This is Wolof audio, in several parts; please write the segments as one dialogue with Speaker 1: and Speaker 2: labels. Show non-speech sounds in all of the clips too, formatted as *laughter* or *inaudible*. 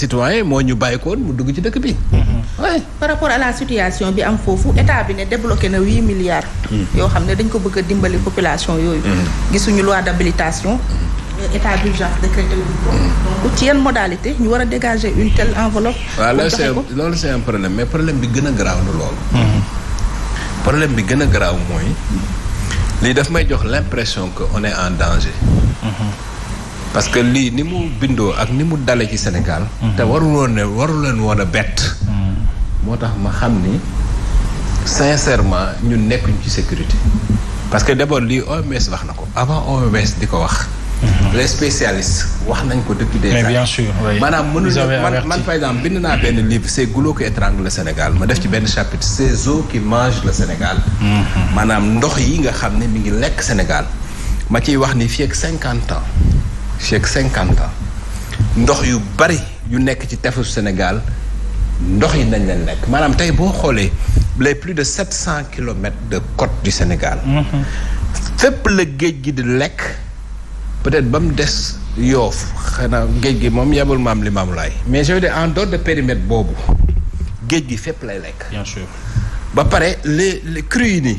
Speaker 1: citoyen moo ñu bàyyi koon mu dugg ci dëkk bi. Mm-hmm. oui par rapport à la situation bi am foofu état bi ne débloqué na huit milliards. Mm-hmm. yoo xam ne dañ ko bëgg a dimbali population yooyu. Mm-hmm. gisuñu loi d'habilitation. état d'urgence décrété wuñ ko. donc ci yan modalité ñu war a dégager une telle enveloppe. waaw loolu c'est loolu problème mais problème bi gën a garaaw na loolu. problème bi gën a garaaw mooy. lii daf may jox l'impression que on en danger. parce que lii ni mu bindoo ak ni mu dale ci Sénégal te waru woon ne waru leen woon a bett moo tax ma xam ni sincèrement ñun nekkuñ ci sécurité parce que d'abord lii OMS wax na ko avant OMS di ko wax les spécialistes wax nañ ko depuis des années. maanaam mënuñu man man par exemple bind naa benn livre c'est goulot qui étrangle le Sénégal ma def ci benn chapitre ces eaux qui mangent le Sénégal. Mhm. maanaam ndox yi nga xam ne mi ngi lekk Sénégal ma ciy wax ni fii ak cinquante ans. fii ak cinquante ndox yu bari yu nekk ci tefesu Sénégal ndox yi nañ leen lekk maanaam tey boo xoolee les plus de sept cent kilomètres de côte du Sénégal. Mhm. fépp la géej gi di lekk peut-être ba mu des yoof xanaa géej gi moom yebul maam li maamu mais je de dire en dehors de périmètre boobu géej gi fépp lay lekk. bien ba pare les les crues yi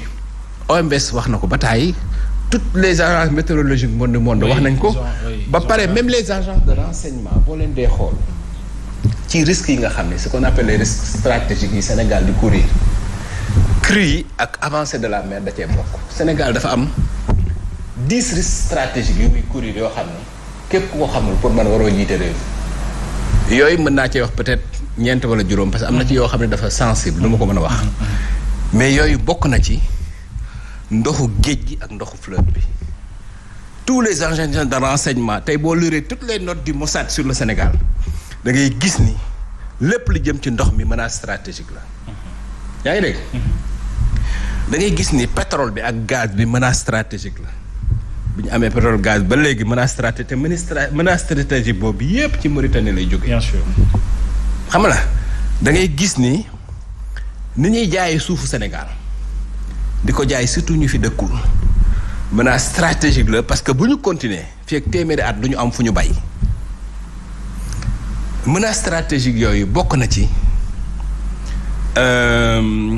Speaker 1: OMS wax na ko ba tàyyi tout les agences météorologiques monde monde wax nañ ko ba pare même les agences de renseignement boo leen dee xool ci risques yi nga xam ne ce kon appelle les risques stratégiques yi Sénégal di courir crue yi ak avancée de la mer da cee bokk Sénégal dafa am dix risques stratégiques yu muy courir yoo xam ne képp ko xamul pour man waroo jiite réew yooyu mën naa cee wax peut-être ñeent wala juróom parce que am na ci yoo xam ne dafa sensible lu ma ko mën a wax mm-hmm. mais yooyu bokk na ci ndoxu géej gi ak ndoxu fleuve bi tous les agents de renseignement tey boo liree toutes les notes du mosaat sur le Sénégal da ngay gis ni lépp lu jëm ci ndox mi menace stratégique la yaa ngi gis ni pétrole bi ak gaz bi menace stratégique la bu ñu amee pétrole gaz ba léegi menace stratégique te menace stratégique boobu yépp ci Mauritanie lay jóge bien sûr xam nga da gis ni ni ñuy jaaye suufu Sénégal di ko jaay surtout ñu fi dëkkul menace stratégique la parce que bu ñu continuer fii ak téeméeri at du ñu am fu ñu bay menace stratégique yooyu bokk na ci euh,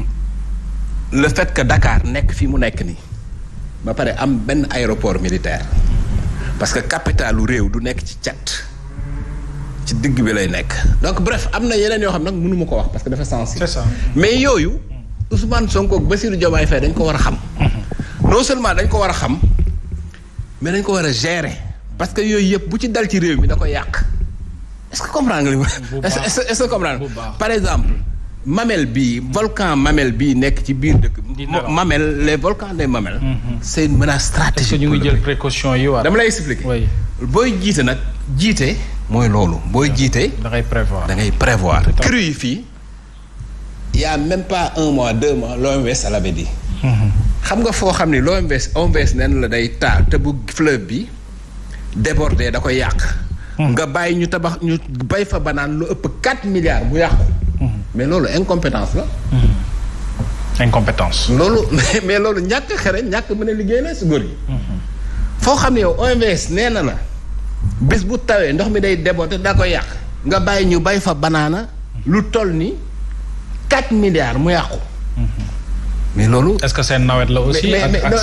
Speaker 1: le fait que Dakar nekk fi mu nekk nii ba pare am benn aéroport militaire parce que capitalu réew du nekk ci chat ci digg bi lay nekk donc bref am na yeneen yoo xam nag mënuma ko wax parce que dafa sensible mais yooyu Ousmane Sonko ak Bassirou Diomaye Faye dañ ko war a xam. Mhm. non seulement dañ ko war a xam mais dañ ko war a gere parce que yooyu yëpp bu ci dal ci réew mi da koy yàq est-ce que comprendre nga li ma. est-ce que comprendre par exemple. mamel bii volcan mamel bii nekk ci biir dëkk. mamel les volcans des mamel. Mhm. c'est une menace ñu ngi jël précaution yi waat dama lay expliquer. oui booy jiite nag jiite. mooy loolu booy jiite. da ngay prévoir da ngay fii. y a même pas un mois deux mois l'OMVS l'avait dit mhm. xam nga foo xam ni l'OMVS OMVS nen la day taal te bu fleuve bi débordé da koy yàq mhm. nga bàyyi ñu tabax ñu bay fa banaan lu ëpp quatre milliards bu yàqu mhm. mais loolu incompétence la loolu *laughs* mais loolu ñàkk xere ñàkk mën a liggéey la si góor foo xam ne yow OMVS nee na la bis bu tawee ndox mi day déborder da koy yàq nga bàyyi ñu bay fa banaana lu toll ni 4 milliards mu yàqu. mais loolu. est-ce que seen nawet la aussi. ak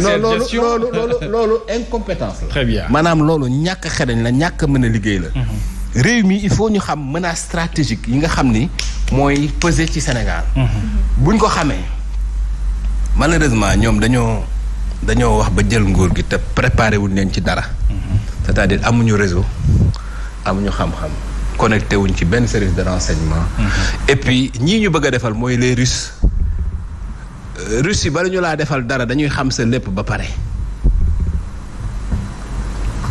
Speaker 1: seen loolu loolu incompétence la. très maanaam loolu ñàkk xereñ la ñàkk mën a liggéey la. Mhm. réew mi il faut ñu xam menace stratégique yi nga xam ni mooy peser ci Sénégal. Mhm. buñ ko xamee malheureusement ñoom dañoo dañoo wax ba jël nguur gi te préparé wuñ leen ci dara. Mhm. cest à amuñu réseau amuñu xam-xam. connecté wuñ ci benn service de renseignement. Mhm. et puis ñii ñu bëgg a defal mooy les Russes. Euh, Russes yi bala ñu laa defal dara dañuy xam sa lépp ba pare.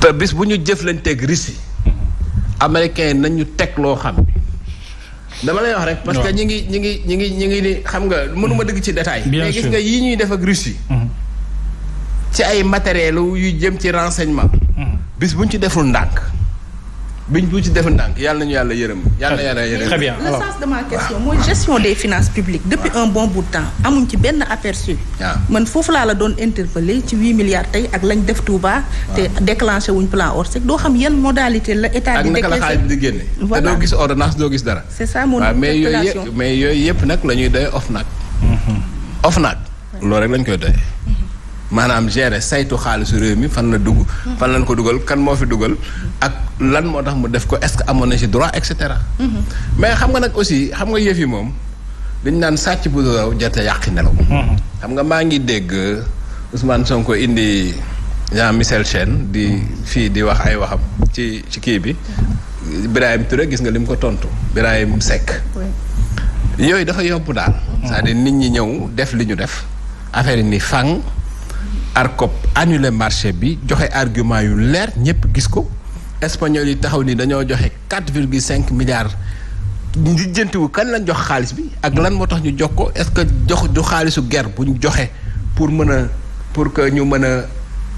Speaker 1: te bis bu ñu jëflanteeg Russes yi. Mhm. américains nañ ñu teg loo xam. dama lay wax rek parce que ñi ngi ñi ngi ñi ngi ñi ngi ni xam nga mënuma mhm. dëgg ci détail mais gis nga yii ñuy def ak Russes yi. ci ay matériels yu jëm ci renseignement. bis buñ ci deful ndànk. biñ bu ci def ndànk yàlla nañu yàlla yërëm. yàlla na yàlla yërëm. très bien le sens de ma question mooy gestion des finances publiques. depuis un bon bout temps amuñ ci benn aperçu. man foofu laa la doon interpellé ci huit milliards tey ak lañ def Touba. te déclenché wuñ plan Orsec doo xam yan modalité la état di. déclenché ak naka la xaalis di génne. voilà te doo gis ordonnance doo gis dara. c'est ça mon interpellation mais yooyu yëpp mais yooyu yëpp nag la ñuy doy OFNAC. Mhm. loolu rek lañ koy doy. maanaam gérer saytu xaalisu réew mi fan la dugg. fan lañ ko dugal kan moo fi dugal. ak lan moo tax mu def ko est-ce que amoon na ci droit et cetera. mais xam nga nag aussi xam nga yëf yi moom dañ naan sàcc bu raw jarte yàqi nelaw. xam nga maa ngi dégg Ousmane Sonko indi Jean Michel Chène di fii di wax ay waxam ci ci kii bi. Birahim Touré gis nga li mu ko tontu Birahim sekk yooyu dafa yomb daal. Mm-hmm. cest à nit ñi ñëw def li ñu def affaire yi ni fang. ARCOP annulé marché bi joxe argument yu leer ñëpp gis ko espagnol yi taxaw ni dañoo joxe quatre virgule cinq milliards lijjantiwu kan lañ jox xaalis bi ak lan moo tax ñu jox ko est-ce que jox du xaalisu guerre bu ñu joxe pour mën a pour que ñu mën a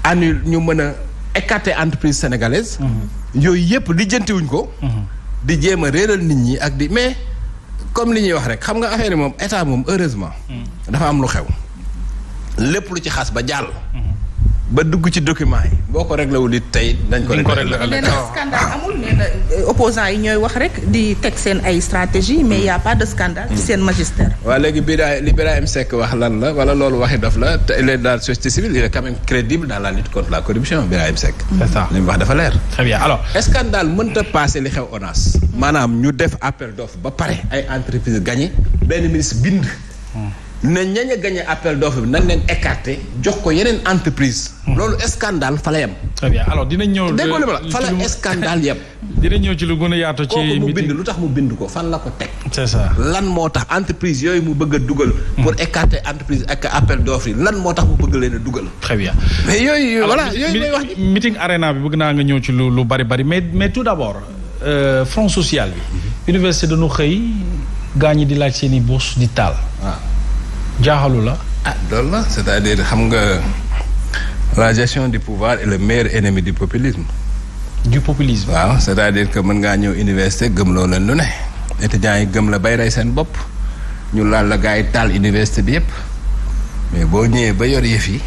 Speaker 1: annul ñu mën a écarter entreprise sénégalaise. Mm-hmm. yooyu yëpp lijjantiwuñ ko. Mm-hmm. di jéem a réeral nit ñi ak di mais comme li ñuy wax rek xam nga affaire yi moom état moom heureusement. Mm. dafa am lu xew. lépp lu ci xas ba jàll. ba dugg ci document yi boo ko réglé wul it tey dañ ko réglé leen scandale amul nee na euh, opposant yi ñooy wax rek di teg seen ay stratégie mais y pas de scandale ci seen magistère waa léegi Bira li Birahim Seck wax lan la wala loolu waxi daf la te il est la société civile il est quand même crédible dans la lutte contre la corruption Birahim Seck c'est ça li mu wax dafa leer très bien alors scandale mënta passé li xew ONAS maanaam ñu def appel d'offre ba pare ay entreprise gagné benn ministre bind na ñañ a gagné appel d'offre bi nañ leen écarté jox ko yeneen entreprise hmm. loolu scandale fa la yem. très bien alors dinañ ñëw. déggoo li la fa la scandale yem. *laughs* dinañ ñëw ci lu gën a yaatu. ci mu bind lu tax mu bind ko fan la ko teg. lan moo tax entreprise yooyu mu bëgg a dugal. Hmm. pour écarter entreprise ak appel d'offre yi lan moo tax mu bëgg leen a dugal. très bien mais yooyu. voilà yooyu may wax meeting arena bi bëgg naa nga ñëw ci lu lu bari bari mais mais tout d'abord euh, front sociale bi. Mhm. université dañu xëy gaa ñi di laaj seen i bourse di jaaxalu la. ah loolu la c'est-à-dire xam nga la gestion du pouvoir est le meilleur ennemi du populisme. du populisme waaw c'est-à-dire que mën ngaa ñëw université gëmloo leen lu ne étudiants yi gëm la bay rey seen bopp ñu laal la gaa yi taal université bi yëpp mais boo ñëwee ba yor yëf yi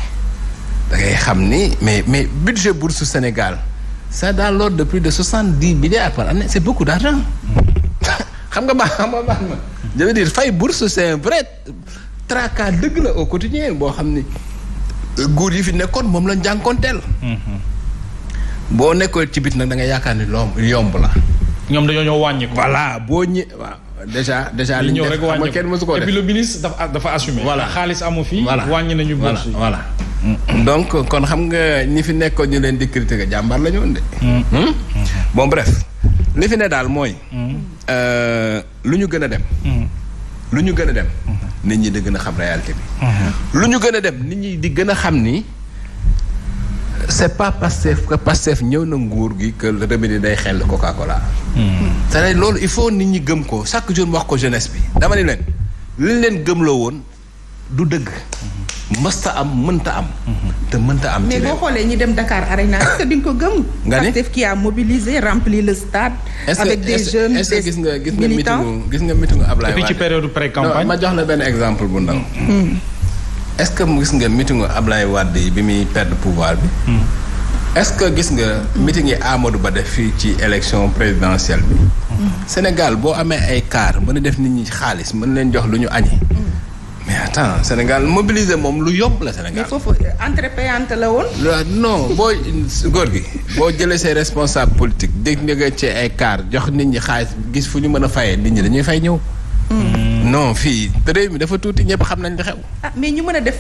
Speaker 1: da ngay xam ni mais mais budget bourse Sénégal c'est dans l'ordre de plus de soixante-dix milliards par année c'est beaucoup d'argent *laughs* xam nga baax xam nga baax ma je veux dire fay bourse c'est tracas dëgg la au quotidien boo xam ni góor yi fi nekkoon moom lañ jànkoonteel. boo nekkoon ci bit nag da nga yaakaar ni lomb yomb la. ñoom dañoo ñëw wàññi ko. boo ñë waaw déjà déjà. li ñu def xam nga kenn mësu ko def et puis le ministre dafa dafa assumé. voilà xaalis amu fi. voilà wàññi nañu bourse voilà mm-hmm. donc kon xam nga ñi fi nekkoon ñu leen di critiquer jàmbaar la ñu woon de. Mm-hmm. Hmm? Mm-hmm. bon li fi ne daal mooy. Euh, lu ñu gën a dem. lu ñu gën a dem. nit ñi di gën a xam réalité bi. lu ñu gën a dem nit ñi di gën a xam ni c'est pas Pastef que Pastef ñëw na nguur gi que le remède day xel Coca Cola. te loolu il faut nit ñi gëm ko chaque jour mu wax ko jeunesse bi dama ni leen li leen gëm gëmloo woon. du dëgg. mësta am mënta am. te mënta am ci mais boo xoolee ñi dem Dakar Arena di nga ko gëm. nga ne Pastef qui a mobilisé rempli le stade. avec des jeunes nga gis nga meetingu gis nga meetingu Ablaye ci période pré-campagne ma jox la benn exemple bu ndaw. est-ce que gis nga meetingu Ablaye Wade yi bi muy perdre pouvoir est-ce que gis nga meeting yi Amadou Ba def fii ci élection présidentielle bi. Sénégal boo amee ay car mën a def nit ñi xaalis mën leen jox lu ñu añi mais attends Sénégal mobiliser moom lu yomb la Sénégal. foofu entrée payante la woon. non boo góor gi boo jëlee say responsable politique dégg nga ci ay car jox nit ñi xaalis gis fu ñu mën a fayee nit ñi dañuy fay ñëw. Hmm. non fii réew bi dafa tuuti ñëpp xam nañ li xew. ah mais ñu mën a def.